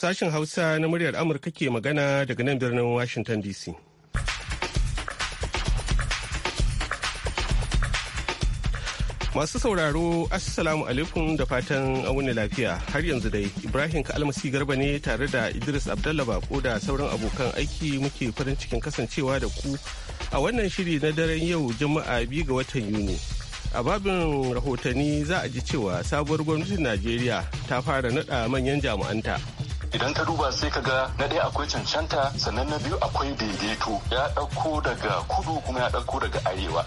Sashen Hausa na muryar Amurka ke magana daga nan birnin Washington DC. Masu sauraro, Assalamu alaikum da fatan wani lafiya. Har yanzu dai, Ibrahim Kalmasi Garba ne tare da Idris Abdallah Bako da sauran abokan aiki muke farin cikin kasancewa da ku a wannan shiri na daren yau Juma'a biyu ga watan Yuni. A babin rahotanni za a ji cewa sabuwar gwamnatin Najeriya ta fara naɗa manyan jami'anta. idan ka duba sai ka ga na ɗaya akwai cancanta sannan na biyu akwai daidaito ya ɗauko daga kudu kuma ya ɗauko daga arewa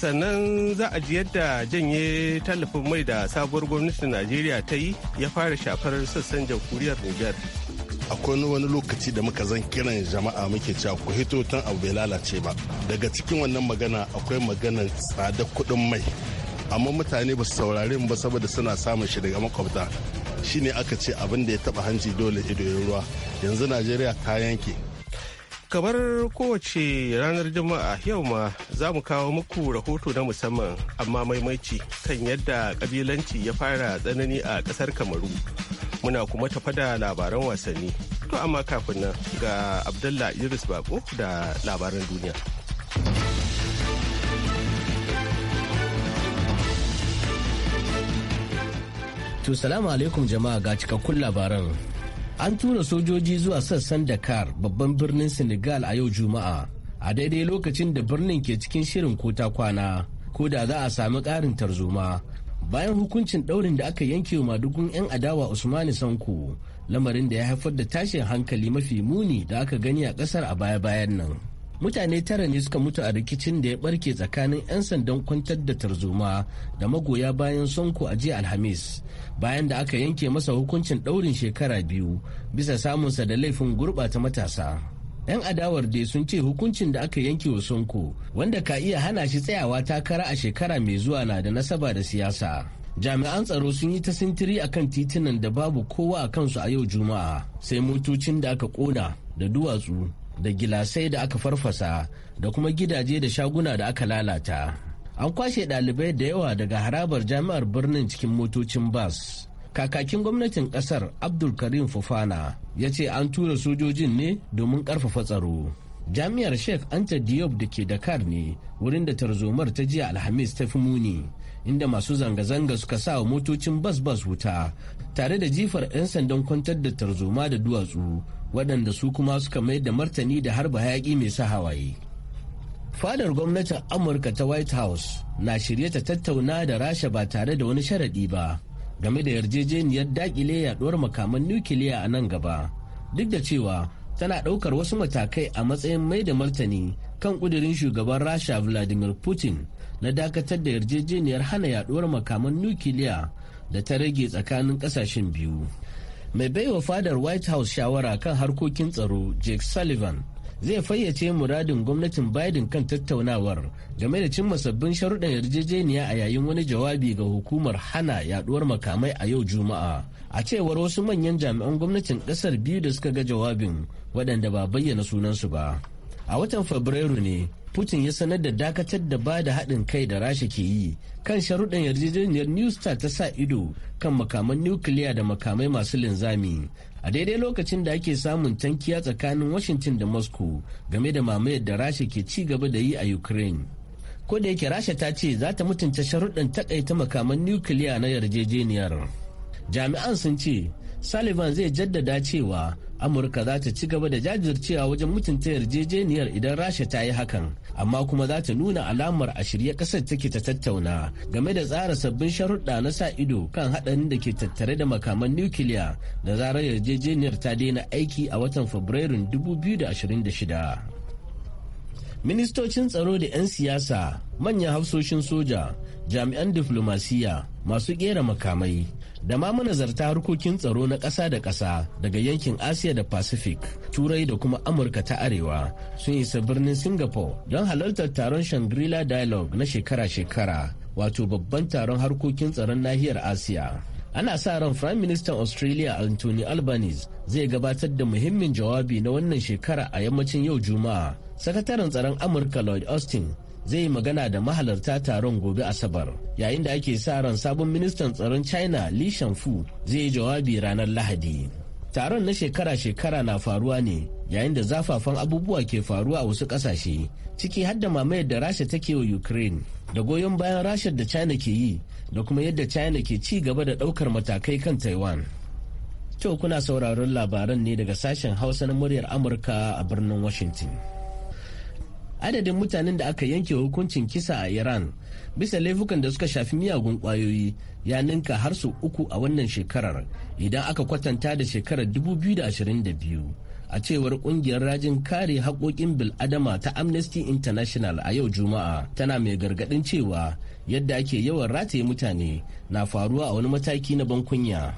sannan za a ji yadda janye tallafin mai da sabuwar gwamnatin najeriya ta yi ya fara shafar sassan jamhuriyar niger akwai wani lokaci da muka zan kiran jama'a muke cewa ku hito tan abu bai lalace ba daga cikin wannan magana akwai maganar tsada kuɗin mai amma mutane ba su saurare ba saboda suna samun shi daga makwabta shine aka ce abin da ya taba hanci dole ido ya ruwa yanzu najeriya ta yanke kamar kowace ranar juma'a yau ma za mu kawo muku rahoto na musamman amma maimaici kan yadda kabilanci ya fara tsanani a kasar kamaru muna kuma tafa da labaran wasanni to amma kafin nan ga abdullah iris bako da labaran duniya To salamu alaikum jama'a ga cikakkun labaran. An tura sojoji zuwa sassan Dakar babban birnin Senegal a yau Juma'a a daidai lokacin da birnin ke cikin shirin kota kwana ko da za a sami ƙarin tarzoma. Bayan hukuncin ɗaurin da aka yanke wa madugun 'yan adawa Usmani Sanko lamarin da ya haifar da tashin hankali mafi muni da aka gani a ƙasar a baya-bayan nan. mutane tara ne suka mutu a rikicin da ya barke tsakanin 'yan sandan kwantar da tarzoma da magoya bayan sonko a jiya alhamis bayan da aka yanke masa hukuncin ɗaurin shekara biyu bisa samunsa da laifin gurbata matasa 'yan adawar dai sun ce hukuncin da aka yanke wa sonko wanda ka iya hana shi tsayawa takara a shekara mai zuwa na da nasaba da siyasa jami'an tsaro sun yi ta sintiri akan titunan da babu kowa a kansu a yau juma'a sai motocin da aka kona da duwatsu da gilasai da aka farfasa da kuma gidaje da shaguna da aka lalata an kwashe ɗalibai da yawa daga harabar jami'ar birnin cikin motocin bas kakakin gwamnatin ƙasar abdul karim fufana ya ce an tura sojojin ne domin ƙarfafa tsaro jami'ar sheikh anta diop da ke dakar ne wurin da tarzomar ta jiya alhamis ta fi muni inda masu zanga-zanga suka sa wa motocin bas-bas wuta tare da jifar 'yan sandan kwantar da tarzoma da duwatsu waɗanda su kuma suka mai da martani da harba hayaƙi mai sa hawaye fadar gwamnatin amurka ta white house na shirye ta tattauna da rasha ba tare da wani sharaɗi ba game da yarjejeniyar dakile yaɗuwar makaman nukiliya a nan gaba duk da cewa tana ɗaukar wasu matakai a matsayin mai da martani kan ƙudurin shugaban rasha vladimir putin na dakatar da yarjejeniyar hana yaɗuwar makaman nukiliya da ta rage tsakanin ƙasashen biyu mai baiwa fadar white house shawara kan harkokin tsaro jake sullivan zai fayyace muradin gwamnatin biden kan tattaunawar game da cimma sabbin sharuɗan yarjejeniya a yayin wani jawabi ga hukumar hana yaduwar makamai a yau juma'a a cewar wasu manyan jami'an gwamnatin ƙasar biyu da suka ga jawabin waɗanda ba bayyana sunansu ba a watan fabrairu ne putin ya sanar da dakatar da ba da haɗin kai da rasha ke yi kan sharuɗan yarjejeniyar new star ta sa ido kan makaman nukiliya da makamai masu linzami a daidai lokacin da ake samun tankiya tsakanin washington da moscow game da mamayar da rasha ke ci gaba da yi a ukraine ko da yake rasha ta ce za ta mutunta sharuɗan takaita makaman nukiliya na yarjejeniyar jami'an sun ce sullivan zai jaddada cewa amurka za ta ci gaba da jajircewa wajen mutunta yarjejeniyar idan rasha ta yi hakan amma kuma za ta nuna alamar a shirye kasar take ta tattauna game da tsara sabbin sharuɗa na sa ido kan haɗarin da ke tattare da makaman nukiliya da zarar yarjejeniyar ta daina aiki a watan fabrairun 2026 ministocin tsaro da 'yan siyasa manyan hafsoshin soja jami'an diflomasiyya masu kera makamai da ma manazarta harkokin tsaro na ƙasa da ƙasa daga yankin asiya da pacific turai da kuma amurka ta arewa sun isa birnin singapore don halartar taron Shangrila la dialogue na shekara-shekara wato babban taron harkokin tsaron nahiyar asiya ana sa ran prime minister australia anthony albanese zai gabatar da muhimmin jawabi na wannan shekara a yammacin yau juma'a sakataren tsaron amurka lloyd austin zai yi magana da mahalarta taron gobe asabar yayin da ake sa ran sabon ministan tsaron china li shanfu zai yi jawabi ranar lahadi taron na shekara-shekara na faruwa ne yayin da zafafan abubuwa ke faruwa a wasu kasashe ciki har da mamayar da rasha take wa ukraine da goyon bayan rashar da china ke yi da kuma yadda china ke ci gaba da daukar matakai kan taiwan to kuna sauraron labaran ne daga sashen hausa na muryar amurka a birnin washington adadin mutanen da aka yanke hukuncin kisa a iran bisa laifukan da suka shafi miyagun kwayoyi ya ninka har su uku a wannan shekarar idan aka kwatanta da shekarar 2022 a cewar kungiyar rajin kare haƙoƙin bil'adama ta amnesty international a yau juma'a tana mai gargaɗin cewa yadda ake yawan rataye mutane na faruwa a wani mataki na bankunya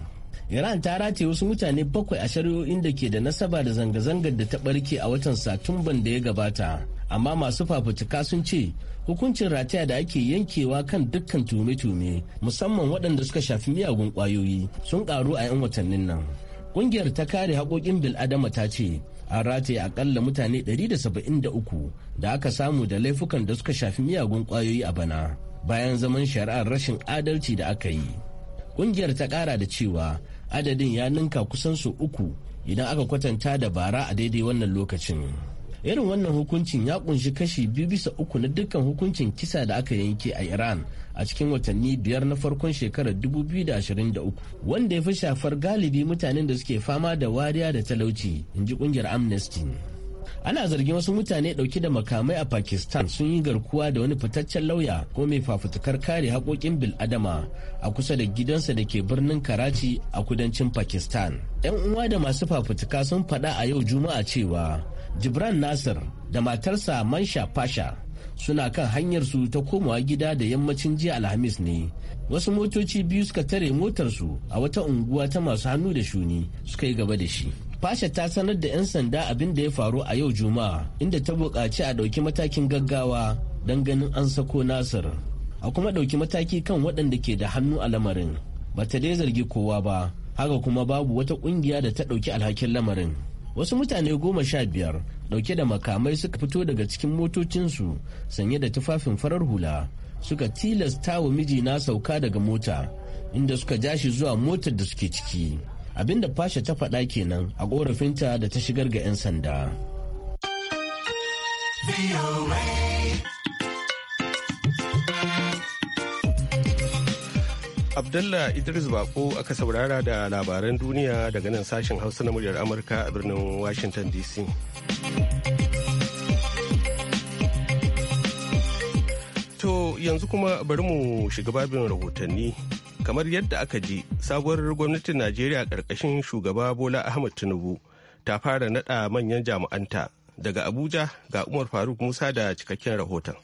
Iran ta rataye wasu mutane bakwai a shari'o'in da ke da nasaba da zanga-zangar da ta barke a watan Satumban da ya gabata amma masu fafutuka sun ce hukuncin rataya da ake yankewa kan dukkan tume-tume musamman waɗanda suka shafi miyagun ƙwayoyi sun ƙaru a 'yan watannin nan ƙungiyar ta kare haƙoƙin bil'adama ta ce an rataya aƙalla mutane 173 da aka samu da laifukan da suka shafi miyagun ƙwayoyi a bana bayan zaman shari'ar rashin adalci da aka yi ƙungiyar ta ƙara da cewa adadin ya ninka kusan su uku idan aka kwatanta da bara a daidai wannan lokacin. irin wannan hukuncin ya kunshi kashi biyu bisa uku na dukkan hukuncin kisa da aka yanke a iran a cikin watanni biyar na farkon shekarar 2023 wanda ya fi shafar galibi mutanen da suke fama da wariya da talauci in ji kungiyar amnesty ana zargin wasu mutane dauke da makamai a pakistan sun yi garkuwa da wani fitaccen lauya ko mai fafutukar kare haƙoƙin biladama a kusa da gidansa da ke birnin karachi a kudancin pakistan 'yan uwa da masu fafutuka sun faɗa a yau juma'a cewa jibran nasir da matarsa mansha fasha suna kan hanyarsu ta komawa gida da yammacin jiya alhamis ne wasu motoci biyu suka tare motarsu a wata unguwa ta masu hannu da shuni suka yi gaba da shi fasha ta sanar da 'yan sanda abin da ya faru a yau juma'a inda ta buƙaci a ɗauki matakin gaggawa don ganin an sako nasir a kuma ɗauki mataki kan waɗanda ke da hannu a lamarin ba ta dai zargi kowa ba haka kuma babu wata ƙungiya da ta ɗauki alhakin lamarin wasu mutane goma sha biyar dauke da makamai suka fito daga cikin motocinsu sanye da tufafin farar hula suka tilasta wa mijina sauka daga mota inda suka jashi zuwa motar da suke ciki abinda fasha ta faɗa kenan a ƙorafinta da ta shigar ga 'yan sanda. Abdullah Idris Bako aka saurara da labaran duniya daga nan sashen Hausa na muryar Amurka a birnin Washington DC. To yanzu kuma bari mu shiga babin rahotanni. Kamar yadda aka ji, sabuwar gwamnatin Najeriya ƙarƙashin shugaba Bola Ahmed Tinubu ta fara naɗa manyan jami'anta daga Abuja ga Umar Faruk Musa da cikakken rahoton.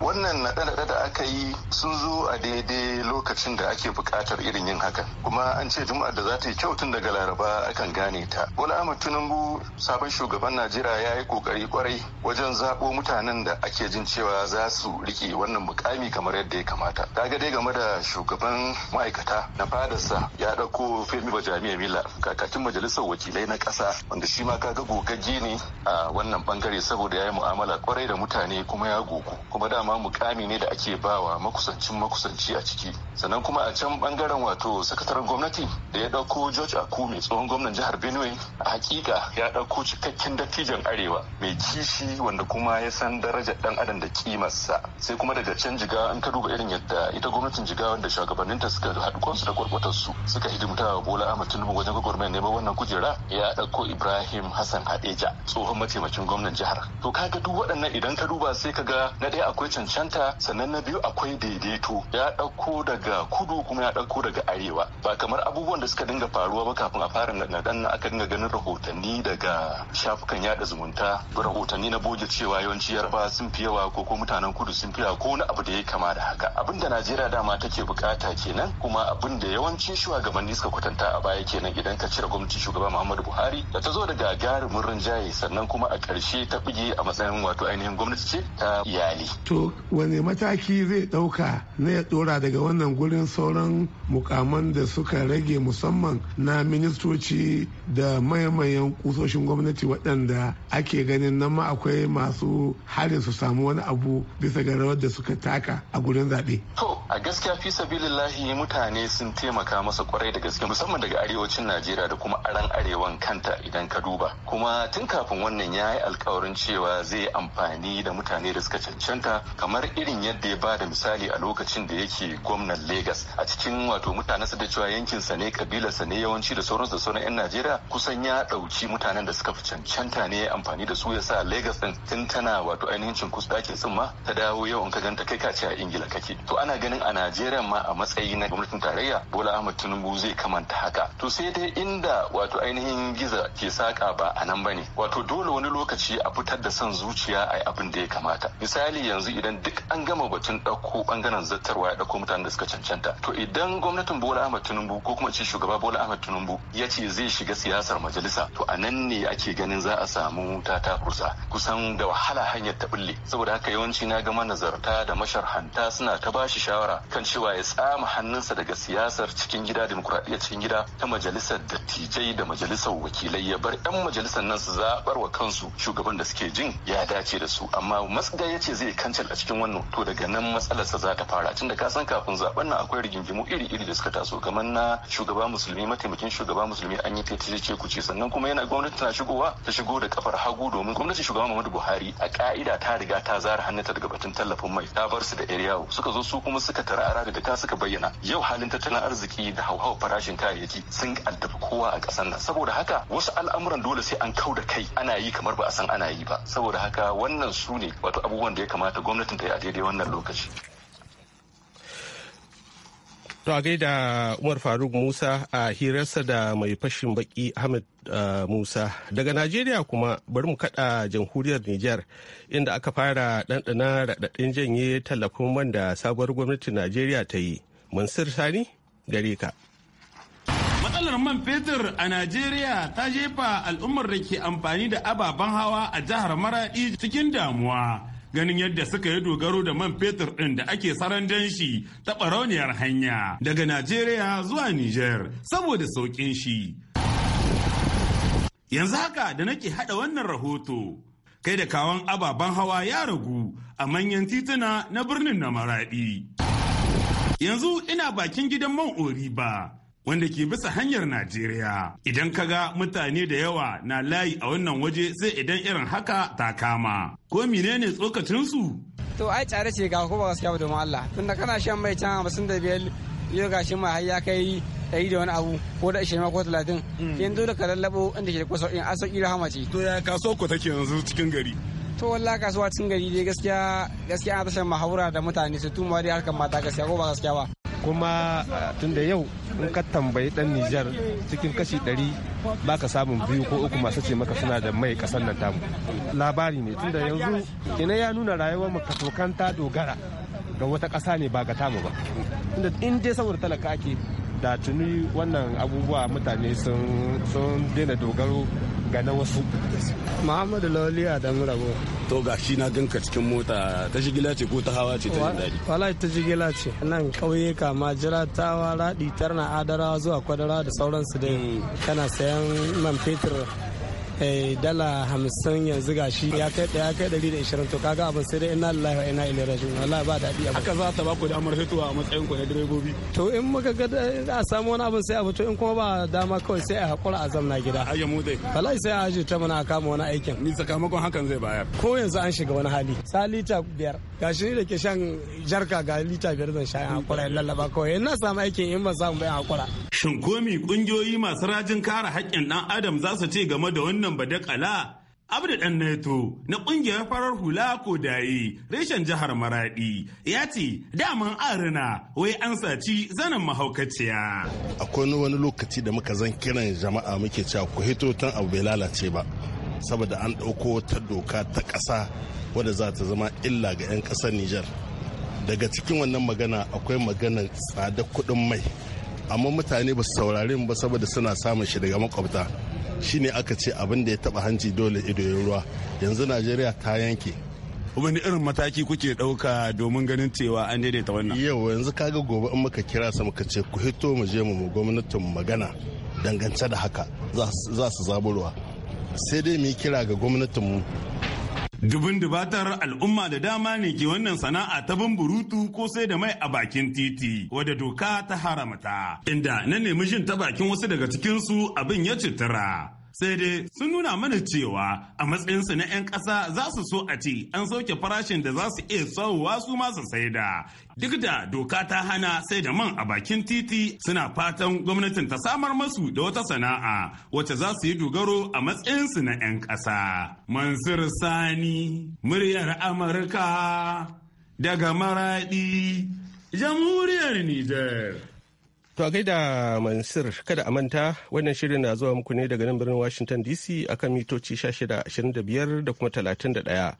wannan naɗe-naɗe da aka yi sun zo a daidai lokacin da ake buƙatar irin yin hakan kuma an ce juma'ar da za ta yi kyau tun daga laraba akan gane ta wani ahmad tinubu sabon shugaban najeriya ya yi ƙoƙari ƙwarai wajen zaɓo mutanen da ake jin cewa za su riƙe wannan mukami kamar yadda ya kamata kaga dai game da shugaban ma'aikata na fadarsa ya ɗauko femi jami'a mila kakakin majalisar wakilai na ƙasa wanda shi ma ka ga gogagge ne a wannan ɓangare saboda ya yi mu'amala ƙwarai da mutane kuma ya gogu kuma da dama mukami ne da ake bawa makusancin makusanci a ciki sannan kuma a can bangaren wato sakataren gwamnati da ya dauko george mai tsohon gwamnan jihar benue a hakika ya dauko cikakken dattijan arewa mai kishi wanda kuma ya san daraja dan adam da kimarsa sai kuma daga can jiga an ka duba irin yadda ita gwamnatin jiga wanda shugabanninta suka haɗu kansu da gwargwatarsu suka hidimta bola ahmad tinubu wajen gwagwarmayar neman wannan kujera ya dauko ibrahim hassan hadeja tsohon mataimakin gwamnan jihar to kaga duk waɗannan idan ka duba sai ka ga na ɗaya akwai cancanta sannan na biyu akwai daidaito ya dauko daga daga kudu kuma ya ɗauko daga arewa ba kamar abubuwan da suka dinga faruwa ba kafin a fara nan aka dinga ganin rahotanni daga shafukan yaɗa zumunta rahotanni na boge cewa yawanci yarba sun fi yawa ko ko mutanen kudu sun fi yawa ko wani abu da ya kama da haka abin da najeriya dama take bukata kenan kuma abin da yawancin shugabanni suka kwatanta a baya kenan idan ka cire gwamnati shugaba muhammadu buhari da ta zo daga gagarumin rinjaye sannan kuma a ƙarshe ta buge a matsayin wato ainihin gwamnati ce ta iyali. to wane mataki zai ɗauka na ya ɗora daga wannan gurin sauran mukaman da suka rage musamman na ministoci da mayan kusoshin gwamnati waɗanda ake ganin nan ma akwai masu harin su samu wani abu bisa ga rawar da suka taka a gurin zaɓe. To a gaskiya fi sabilillahi mutane sun taimaka masa kwarai da gaske musamman daga arewacin Najeriya da kuma aran arewan kanta idan ka duba. Kuma tun kafin wannan ya yi alkawarin cewa zai yi amfani da mutane da suka cancanta kamar irin yadda ya ba da misali a lokacin da yake gwamnan Legas a cikin wato mutanen da cewa yankin sa ne kabilar sa ne yawanci da sauransu da sauran yan Najeriya kusan ya dauki mutanen da suka fi cancanta ne amfani da su yasa Legas din tun tana wato ainihin cinkus dakin sun ma ta dawo yau in ka ganta kai ka ce a Ingila kake to ana ganin a Najeriya ma a matsayi na gwamnatin tarayya Bola Ahmed Tinubu zai kamanta haka to sai dai inda wato ainihin giza ke saka ba a nan bane wato dole wani lokaci a fitar da son zuciya a abin da ya kamata misali yanzu idan duk an gama batun ɗauko bangaren zattarwa ya ɗauko mutanen da suka cancanta to idan gwamnatin bola ahmad tinubu ko kuma ce shugaba bola ahmad tinubu ya ce zai shiga siyasar majalisa to a nan ne ake ganin za a samu ta kusa kusan da wahala hanyar ta bulle saboda haka yawanci na ga manazarta da masharhanta suna ta bashi shawara kan cewa ya tsama hannunsa daga siyasar cikin gida dimokuraɗiyyar cikin gida ta majalisar dattijai da majalisar wakilai ya bar 'yan majalisar nan su zaɓar wa kansu shugaban da suke jin ya dace da su amma matsaya ya ce zai kancal a cikin wannan to daga nan matsalarsa za ta fara tun da ka san kafin zaɓe zaben nan akwai rigingimu iri-iri da suka taso kamar na shugaba musulmi mataimakin shugaba musulmi an yi ta ce ce ku ce. sannan kuma yana gwamnati tana shigowa ta shigo da kafar hagu domin gwamnatin shugaba Muhammadu Buhari a ka'ida ta riga ta zara ta daga batun tallafin mai ta bar su da yawo suka zo su kuma suka tara ara da ta suka bayyana yau halin tattalin arziki da hauhawar farashin kayayyaki sun addabi kowa a kasan nan saboda haka wasu al'amuran dole sai an kau da kai ana yi kamar ba a san ana yi ba saboda haka wannan su ne wato abubuwan da ya kamata gwamnatin ta yi a daidai wannan lokaci To a gaida Umar Faruk Musa a hirarsa da mai fashin baki Ahmed uh, Musa. Daga Najeriya kuma bari mu kada jamhuriyar Nijar inda aka fara ɗanɗana raɗaɗin janye tallafin man da sabuwar gwamnatin Najeriya ta yi. Mansur Sani gare ka. matsalar man fetur a Najeriya ta jefa al'ummar da ke amfani da ababen hawa a jihar maraɗi cikin damuwa. ganin yadda suka yi dogaro da man fetur ɗin da ake saran shi ta ɓarauniyar hanya daga Najeriya zuwa Nijar saboda sauƙin shi. Yanzu haka da nake haɗa wannan rahoto, kai da kawon ababen hawa ya ragu a manyan tituna na birnin na maraɗi. Yanzu ina bakin gidan man Oriba. wanda ke bisa hanyar Najeriya. Idan ka ga mutane da yawa na layi a wannan waje sai idan irin haka ta kama. Ko menene tsokacinsu? To ai tsare ce ga kuma gaskiya ba domin Allah. Tunda kana shan mai can hamsin da biyar yau shi ma har ya kai ɗari da wani abu ko da ishirin ko talatin. Yan hmm. dole ka lallabo inda ke kusa in asauki hama ce. To ya kaso ku take yanzu cikin gari? to walla kasuwa cikin gari dai gaskiya gaskiya an tashan mahaura da mutane su tuma dai harkar mata gaskiya ko ba gaskiya ba kuma tun da yau in ka tambayi dan nijar cikin kashi ɗari baka samun biyu ko uku masu ce maka suna da mai kasar nan tamu labari ne tun da yanzu ina ya nuna rayuwar mu katokan ta dogara ga wata kasa ne ba ga tamu ba tunda in dai saboda talaka ake da tuni wannan abubuwa mutane sun daina dogaro ga na wasu muhammadu lawali adamu rabo to ga shi na ganka cikin mota ta shigila ce ko ta hawa ce ta daɗi wala ta shigila ce nan ƙauye kama jiratawa raɗi tarna adarawa zuwa kwadara da sauransu dai mm. kana sayan man fetur Eh, dala hamsin yanzu gashi ya kai ya kai ɗari da ishirin to kaga abin sai dai ina lillahi wa ina ila rashin wallahi ba daɗi abin. Haka za ta ba ku damar fitowa a matsayin ku na direbobi. To in muka ga a samu wani abin sai abu to in kuma ba dama kawai sai a haƙura a zamna gida. A mu dai. Wallahi sai a ajiye ta mana a kama wani aikin. Ni sakamakon hakan zai bayar. Ko yanzu an shiga wani hali. Sa lita biyar. Gashi ni da ke shan jarka ga lita biyar zan sha a haƙura in lallaba kawai in na samu aikin in ba samu bai in haƙura. Shin komi kungiyoyi masu rajin kare haƙƙin ɗan Adam za su ce game da wannan badakala? Abdu ɗan Neto na ƙungiyar farar hula ko daye reshen jihar maraɗi ya ce daman arina wai an saci zanen mahaukaciya. Akwai wani lokaci da muka zan kiran jama'a muke cewa ku hito tan abu bai lalace ba. Saboda an ɗauko wata doka ta ƙasa wadda za ta zama illa ga 'yan ƙasar Nijar. Daga cikin wannan magana akwai maganar tsada kuɗin mai. amma mutane ba su saurare ba saboda suna samun shi daga makwabta shine aka ce abin da ya taba hanci dole ido ya ruwa yanzu najeriya ta yanke wani irin mataki kuke dauka domin ganin cewa an daidaita wannan yau yanzu kaga gobe in muka kira su muka ce ku hito mu je mu gwamnatin magana dangance da haka za su zaburwa sai dai mu kira ga gwamnatin mu. Dubin dubatar al'umma da dama ne ke wannan sana'a ta bumburutu ko sai da mai a bakin titi wadda doka ta haramta. Inda na nemi jin ta bakin wasu daga cikinsu abin ya citira. sai dai sun nuna mana cewa a matsayinsu na 'yan ƙasa za su so a ce an sauke farashin da za su iya tsawowa su masu saida duk da doka ta hana sai da man a bakin titi suna fatan gwamnatin ta samar masu da wata sana'a wacce za su yi dogaro a matsayinsu na 'yan ƙasa mansur sani muryar amurka daga maraɗi jamhuriyar nijar To a gaida Mansur kada a manta wannan shirin na zuwa muku ne daga nan birnin Washington DC akan mitoci 1625 da kuma 31.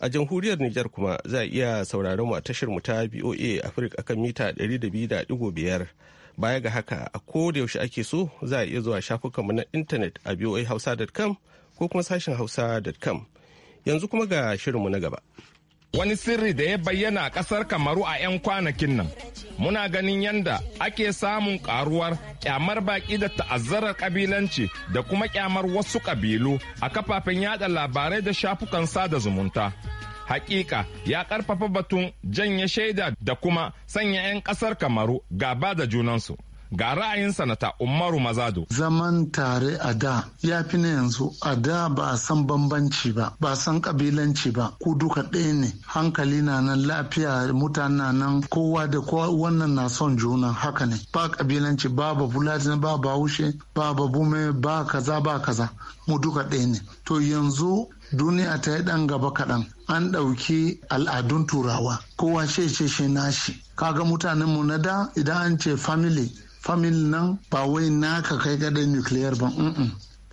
A jamhuriyar Nijar kuma za a iya sauraron mu a tashar mu ta BOA Africa akan mita 200.5. Baya ga haka a ko da yaushe ake so za a iya zuwa shafukanmu na intanet a boahausa.com ko kuma sashin hausa.com. Yanzu kuma ga shirinmu na gaba. wani sirri da ya bayyana a ƙasar kamaru a 'yan kwanakin nan muna ganin yadda ake samun karuwar kyamar baki da ta'azzarar kabilanci da kuma kyamar wasu kabilu a kafafen yada labarai da shafukan sada zumunta hakika ya karfafa batun janye shaida da kuma sanya 'yan kasar kamaru gaba da junansu Ga ra'ayin sanata Umaru Mazado. Zaman tare a da ya fi na yanzu a da ba a san bambanci ba, ba a san kabilanci ba, ku duka ɗaya ne. Hankali na nan lafiya mutane nan kowa da kowa wannan na son juna haka ne. Ba kabilanci ba ba bulatin ba Bahaushe ba ba Bume ba kaza ba kaza. Mu duka ɗaya ne. To yanzu duniya ta yi ɗan gaba kaɗan an ɗauki al'adun turawa kowa na shi nashi kaga mutanenmu na da idan an ce family famil nan ba wai naka kai gadai nuclear ba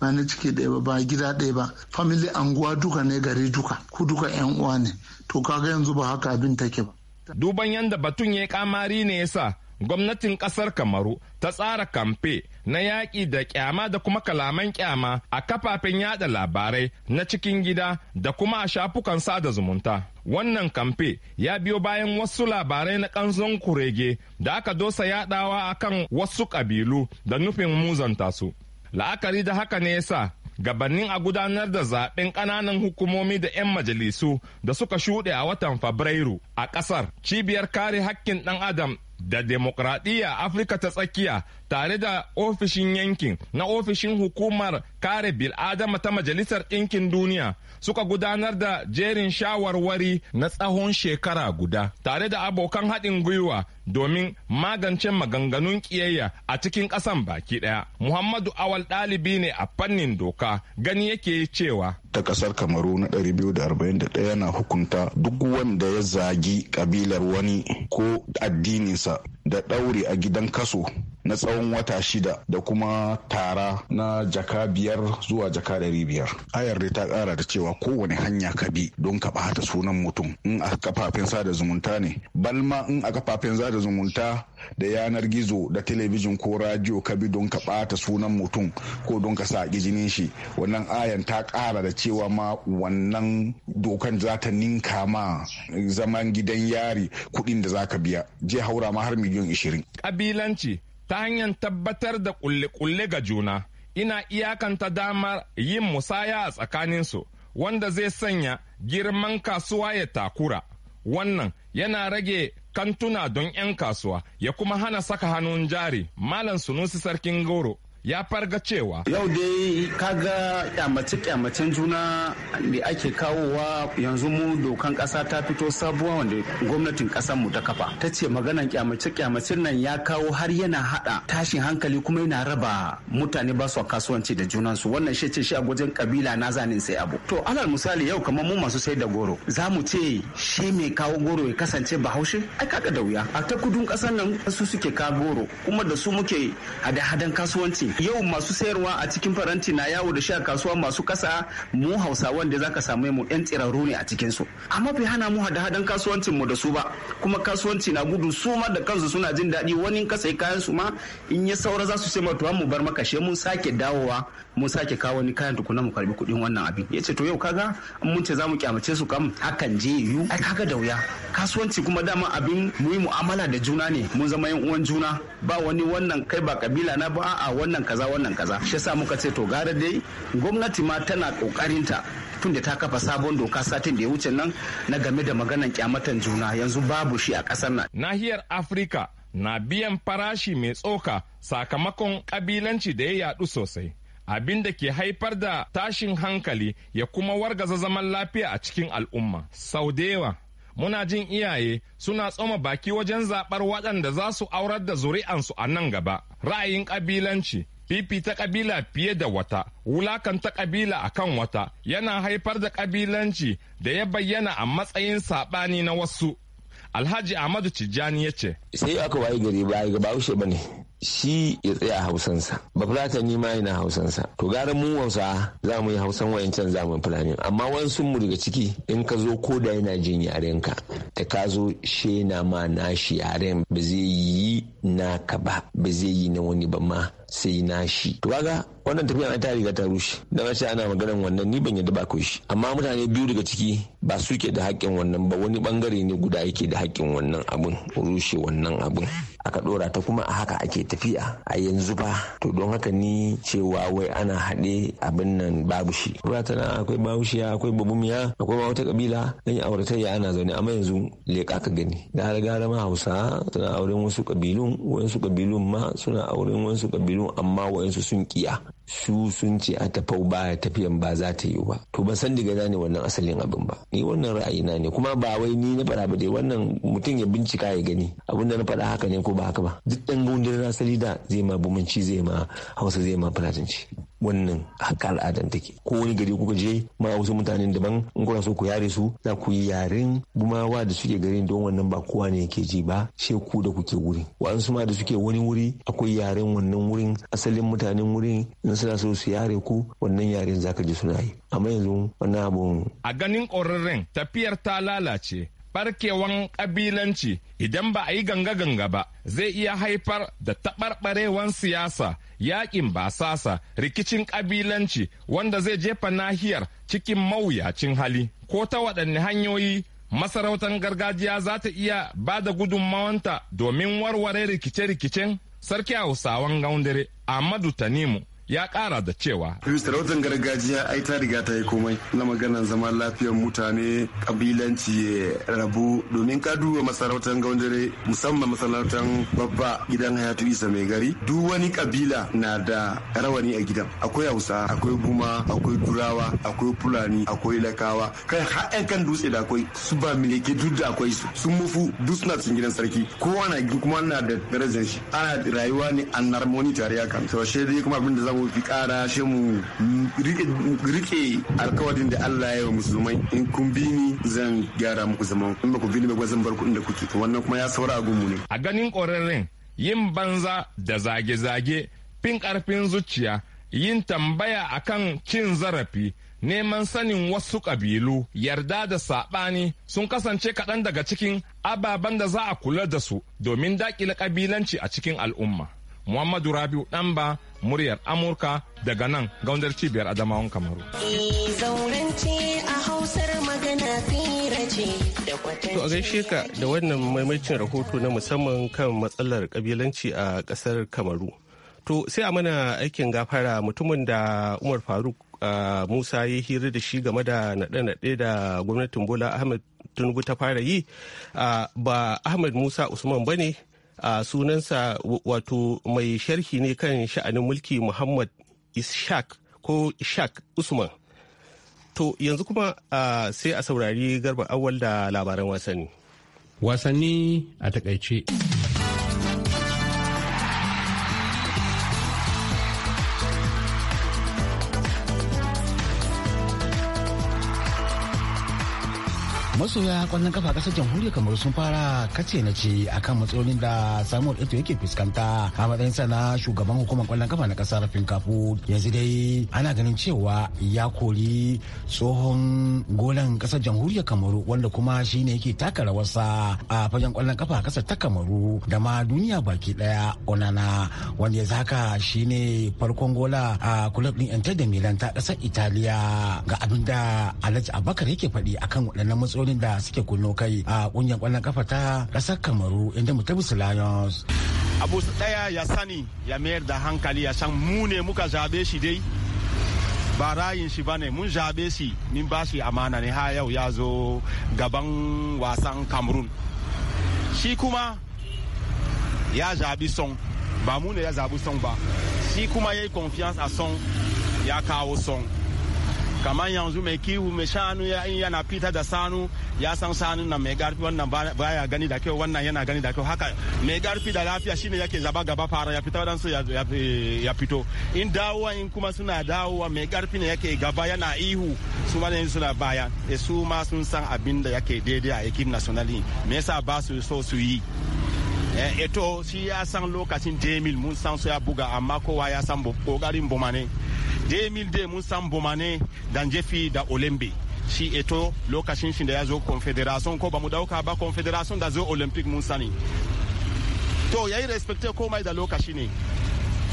ba na ciki ɗaya ba ba gida ɗaya ba family anguwa duka ne gari duka ku duka yan uwa ne to kaga yanzu ba haka abin take ba duban yanda batun ya kamari ne yasa gwamnatin kasar kamaru ta tsara kamfe na yaƙi da kyama da kuma kalaman ƙyama a kafafen yada labarai na cikin gida da kuma a shafukan sada zumunta. Wannan kamfe ya biyo bayan wasu labarai na ƙanzon kurege da aka dosa yaɗawa akan wasu ƙabilu da nufin muzanta su. La'akari da haka ne ya sa. gabanin a gudanar da zaben kananan hukumomi da 'yan majalisu da suka shuɗe a watan fabrairu a ƙasar cibiyar kare hakkin ɗan adam da demokradiyya afirka ta tsakiya tare da ofishin yankin na ofishin hukumar kare bil'adama ta majalisar ɗinkin duniya suka gudanar da jerin shawarwari na tsawon shekara guda tare da abokan haɗin gwiwa domin magance maganganun kiyayya a cikin ƙasan baki ɗaya. Muhammadu Awal ɗalibi ne a fannin doka gani yake cewa. Ta ƙasar Kamaru na 241 na hukunta duk wanda ya zagi ƙabilar wani ko addininsa da ɗaure a gidan kaso na tsawon wata shida da kuma tara na jaka biyar zuwa jaka ɗari biyar. Ayar dai ta ƙara da cewa kowane hanya ka bi don ka ɓata sunan mutum in a kafafen sada zumunta ne. Balma in a kafafen sada zumunta da yanar gizo da talabijin ko radio ka bi don ka bata sunan mutum ko don ka sa jinin shi wannan ayan ta kara da cewa ma wannan dokan za ta ninka ma zaman gidan yari kuɗin da za ka biya je haura ma har miliyan ishirin. kabilanci ta hanyar tabbatar da kulle-kulle ga juna ina iyakanta damar yin musaya a tsakaninsu wanda zai sanya girman kasuwa ya takura wannan yana rage kantuna don 'yan kasuwa ya kuma hana saka hannun jari malam sunusi sarkin goro ya farga cewa yau dai kaga kyamace kyamacen juna da ake kawowa yanzu mu dokan kasa ta fito sabuwa wanda gwamnatin kasar mu ta kafa ta ce maganan kyamace kyamacen nan ya kawo har yana hada tashin hankali kuma yana raba mutane ba su kasuwanci da junan su. wannan shi ce shi a gwajin kabila na zanin sai abu to alal misali yau kamar mu masu sai da goro za mu ce shi mai kawo goro ya kasance bahaushe ai kaga da wuya a ta kudun kasar nan su suke kawo goro kuma da su muke hada-hadan kasuwanci yau masu sayarwa a cikin faranti na yawo da a kasuwa masu kasa mu hausawan da zaka samu mu yan tsiraru ne a cikin su amma bai hana mu hada hadan kasuwancin mu da su ba kuma kasuwanci na gudu su ma da kansu suna jin daɗi wani kasai kayan su ma in ya saura za su sai mu bar maka she mun sake dawowa mun sake kawo wani kayan tukuna mu karbi kuɗi wannan abin ya ce to yau kaga mun ce za mu kyamace su kam hakan je yiwu ai kaga da wuya kasuwanci kuma dama abin mu yi mu'amala da juna ne mun zama yan uwan juna ba wani wannan kai ba kabila na ba a wannan kaza wannan kaza shi yasa muka ce to gara dai gwamnati ma tana kokarinta tun da ta kafa sabon doka satin da ya wuce nan na game da maganan kyamatan juna yanzu babu shi a kasar nan nahiyar afirka na biyan farashi mai tsoka sakamakon kabilanci da ya yadu sosai abin da ke haifar da tashin hankali ya kuma wargaza zaman lafiya a cikin al'umma. Sau da yawa muna jin iyaye suna tsoma baki wajen zaɓar waɗanda za su aurar da zuri'ansu a nan gaba. Ra'ayin ƙabilanci, ta ƙabila fiye da wata, wulakan ta ƙabila a kan wata, yana haifar da ƙabilanci da ya bayyana a matsayin saɓani na wasu. Alhaji Ahmadu Tijjani ya ce. Sai aka waye gari ba ba ushe ba ne. shi ya tsaya hausansa ba fulata ni ma yana hausansa to gara mu wasa za mu yi hausan wayancan mu fulani amma wasu mu daga ciki in ka zo ko da yana jin yaren ka da ka zo she na ma nashi yaren ba zai yi na ka ba ba zai yi na wani ba ma sai na shi. to kaga wannan tafiya na ta riga ta rushe da ce ana maganar wannan ni ban yadda ba ko shi amma mutane biyu daga ciki ba su ke da haƙƙin wannan ba wani bangare ne guda yake da haƙƙin wannan abun rushe wannan abun aka dora ta kuma a haka ake tafiya a yanzu ba to don haka ni cewa wai ana haɗe abin nan babu shi ruwa tana akwai bawushiya akwai babumiya akwai ma wata kabila dan auratayya ana zaune amma yanzu leƙa ka gani gara gara ma hausa suna auren wasu kabilun wasu kabilun ma suna auren wasu kabilun kabilu amma wayansu sun kiya su sun ce a tafau baya tafiyan ba za ta yi ba to ban san daga na ne wannan asalin abin ba ni wannan ra'ayi na ne kuma ba wai ni na fara ba dai wannan mutum ya bincika ya gani abin da na fara haka ne ko ba haka ba duk ɗan gundun asali da zai ma bumanci zai ma hausa zai ma fulatanci wannan haka al'adan take ko wani gari kuka je ma wasu mutanen daban in kuna so ku yare su za ku yi yaren gumawa da suke gari don wannan ba kowa ne yake ji ba sai ku da kuke wuri wa'ansu ma da suke wani wuri akwai yaren wannan wurin asalin mutanen wurin in suna so su yare ku wannan yaren zaka ji suna yi amma yanzu wannan abu a ganin ƙorarren tafiyar ta lalace barkewan kabilanci idan ba a yi ganga-ganga ba zai iya haifar da taɓarɓarewan siyasa yakin basasa rikicin kabilanci wanda zai jefa nahiyar cikin mawuyacin hali ko ta waɗanne hanyoyi masarautar gargajiya za ta iya ba da gudunmawanta domin warware rikice-rikicen sarki hausawan gaundare ahmadu tanimu ya kara da cewa sarautar gargajiya ai ta riga ta yi komai na maganar zaman lafiyar mutane kabilanci rabu domin ka duba masarautar gaunjare musamman masarautar babba gidan hayatu isa mai gari duk wani kabila na da rawani a gidan akwai hausa akwai guma akwai turawa akwai fulani akwai lakawa kai har kan dutse da akwai su ba milike duk da akwai su sun mufu duk suna cikin gidan sarki kowa na kuma na da darajar shi ana rayuwa ne an narmoni tare haka to dai kuma abin da mu kara shi mu rike alkawarin da Allah ya yi musulmai in kun bi ni zan gyara muku zaman in ba ku bi ni ba zan bar ku inda kuke wannan kuma ya saura a gunmu ne a ganin ƙwararren yin banza da zage-zage fin ƙarfin zuciya yin tambaya akan cin zarafi neman sanin wasu ƙabilu yarda da saɓani sun kasance kaɗan daga cikin ababen da za a kula da su domin daƙile ƙabilanci a cikin al'umma. Muhammadu Rabiu Ɗanba muryar Amurka daga nan gaundar cibiyar Adamawan Kamaru. E, to a gaishe ka da wannan maimacin rahoto na musamman kan matsalar kabilanci a ƙasar Kamaru. To sai a mana aikin gafara mutumin da Umar Faruk Musa ya hira da shi game da naɗe-naɗe da gwamnatin Bola Ahmed Tinubu ta fara yi ba Ahmed Musa Usman ba ne a sunansa wato mai sharhi ne kan sha'anin mulki muhammad ishaq ko ishaq usman to yanzu kuma sai a saurari garba awal da labaran wasanni wasanni a takaice masoya kwallon kafa kasar jamhuriyar kamar sun fara kace na ce akan matsalolin da samuel eto yake fuskanta a matsayin sa na shugaban hukumar kwallon kafa na kasar finkafu yanzu dai ana ganin cewa ya kori tsohon golan kasar jamhuriyar kamaru wanda kuma shine yake taka rawarsa a fagen kwallon kafa kasar ta kamaru da ma duniya baki daya onana wanda ya zaka shine farkon gola a kulab din inter da milan ta kasar italiya ga abinda da alhaji abakar yake faɗi akan waɗannan matsalolin mutanen da suke kunno kai a kungiyar kwallon kafa ta kasar kamaru inda mutabus lions abu daya ya sani ya mayar da hankali ya san mu ne muka zabe shi dai ba rayin shi bane mun zabe shi min ba shi amana ne ha yau ya zo gaban wasan cameroon shi kuma ya zabi son ba mu ne ya zabi son ba shi kuma ya yi confiance a son ya kawo son kamar yanzu mai kiwo mai shanu ya yana fita da sanu ya san sanun na mai garfi wannan baya gani da kyau wannan yana gani da kyau haka mai garfi da lafiya shine yake zaba gaba fara ya fita wadansu ya fito in dawowa in kuma suna dawowa mai garfi ne yake gaba yana ihu su ma suna baya e su ma sun san abin da yake daidai a ekip nationali me yasa ba su so su yi eto eh, eh, shi ya san lokacin demil mun san su ya buga amma kowa ya san kokarin bomane 2002 mun san bomane dan jefi da olembe shi eto lokacin shi da ya zo confederation ko ba mu dauka ba confederation da zo olympic mun sani to yayi respecte komai da lokaci ne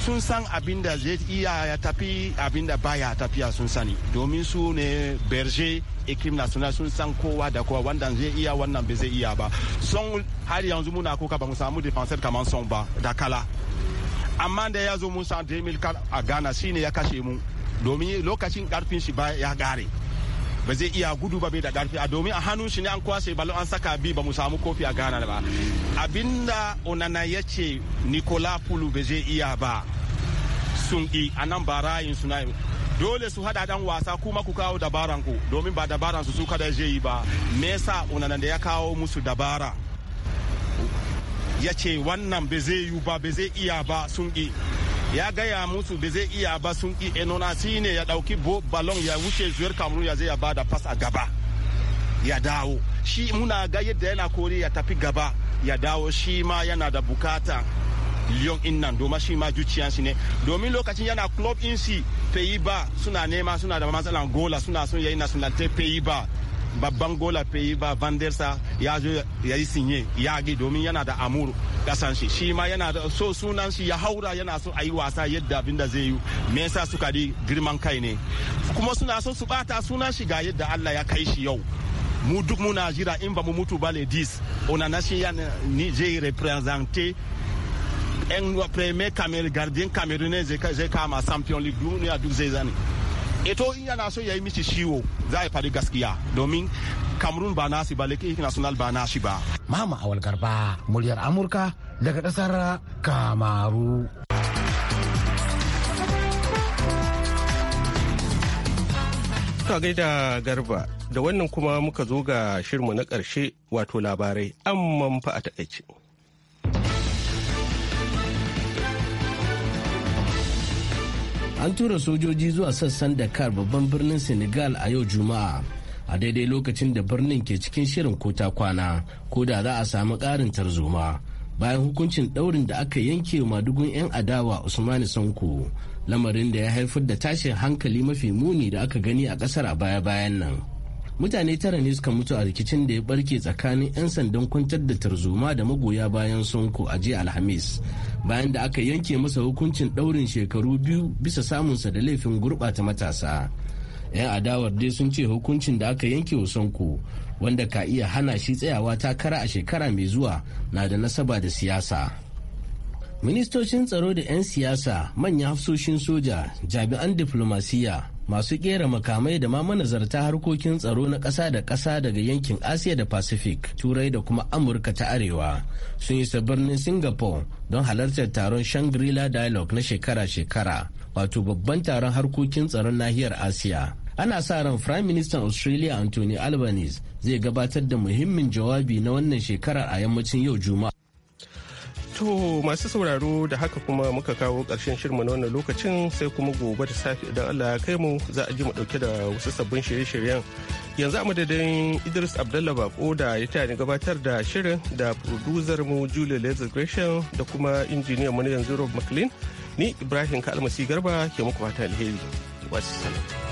sun san abin da zai iya ya tafi abin da baya tafiya sun sani domin su ne berger ekim national sun san kowa da kowa wanda zai iya wannan bai zai iya ba son har yanzu muna kuka ba mu samu defenseur kamar son ba da kala amma da ya zo mun sa 2004 a ghana shine ya kashe mu domin lokacin karfin shi ba ya gare ba zai iya gudu ba bai da karfi a domin a hannun shi ne an kwashe balo an saka bi ba mu samu kofi a ghana ba abinda onana ya ce nicola pulu ba zai iya ba sun ki a nan ba rayin suna dole su hada dan wasa kuma ku kawo dabaran ku domin ba dabaran su su kada zai yi ba me yasa onana da ya kawo musu dabara ya ce wannan ba zai yi ba ba zai iya ba sun ƙi ya gaya musu ba zai iya ba sun ƙi enona si ne ya ɗauki balon ya wuce zuwar kamaru ya zai ya bada fas a gaba ya dawo shi muna ga yadda yana kore ya tafi gaba ya dawo shi ma yana da bukata miliyon in nan domin shi ma zuciyansu ne domin lokacin yana club in si peyi ba suna nema suna da matsalan gola suna son yayi nationalite peyi ba babban gola peyi ba vandersa ya zo ya yi sinye gi domin yana da amur kasan shi shi ma yana da so sunan shi ya haura yana so a yi wasa yadda binda zai yi me yasa suka di girman kai ne kuma suna so su bata sunan shi ga yadda Allah ya kai shi yau mu duk muna jira in ba mu mutu ba le 10 onana shi ya ni je representer un premier gardien camerounais zai kama champion league duniya duk zai zani eto eh, in yana so ya yi mishi ciwo za a faɗi gaskiya domin cameroon ba nasi ba leke national ba nashi ba mama awal garba muryar amurka daga ƙasar kamaru To gaida garba da wannan kuma muka zo ga shirmu na ƙarshe wato labarai amma fa a takaice. an tura sojoji zuwa sassan dakar babban birnin senegal a yau juma'a a daidai lokacin da birnin ke cikin shirin kota kwana ko da za a samu ƙarin tarzoma bayan hukuncin ɗaurin da aka yanke madugun 'yan adawa usmani sanko lamarin da ya haifar da tashin hankali mafi muni da aka gani a ƙasar a baya-bayan nan mutane tara ne suka mutu a rikicin da ya barke tsakanin 'yan sandan kwantar da tarzoma da magoya bayan sonko a jiya alhamis bayan da aka yanke masa hukuncin daurin shekaru biyu bisa samunsa da laifin gurɓata matasa 'yan adawar dai sun ce hukuncin da aka yanke wa sonko wanda ka iya hana shi tsayawa takara a shekara mai zuwa na da nasaba da siyasa ministocin tsaro da 'yan siyasa manyan hafsoshin soja jami'an diflomasiyya masu kera makamai da ma manazarta harkokin tsaro na ƙasa da ƙasa daga yankin asiya da pacific turai da kuma amurka ta arewa sun yi birnin singapore don halartar taron shangri-la dialogue na shekara-shekara wato babban taron harkokin tsaron nahiyar asiya ana sa ran prime minister australia anthony albanese zai gabatar da muhimmin jawabi na wannan shekarar a yammacin yau juma'a To masu sauraro da haka kuma muka kawo ƙarshen shirma na wannan lokacin sai kuma gobe da safe idan Allah ya kai mu za a ji mu ɗauke da wasu sabbin shirye-shiryen. Yanzu a madadin Idris Abdullah Bako da ya ni gabatar da shirin da producer mu Julia Lazar da kuma injiniyan mu na yanzu Rob McLean ni Ibrahim Kalmasi Garba ke muku fata alheri. Wasu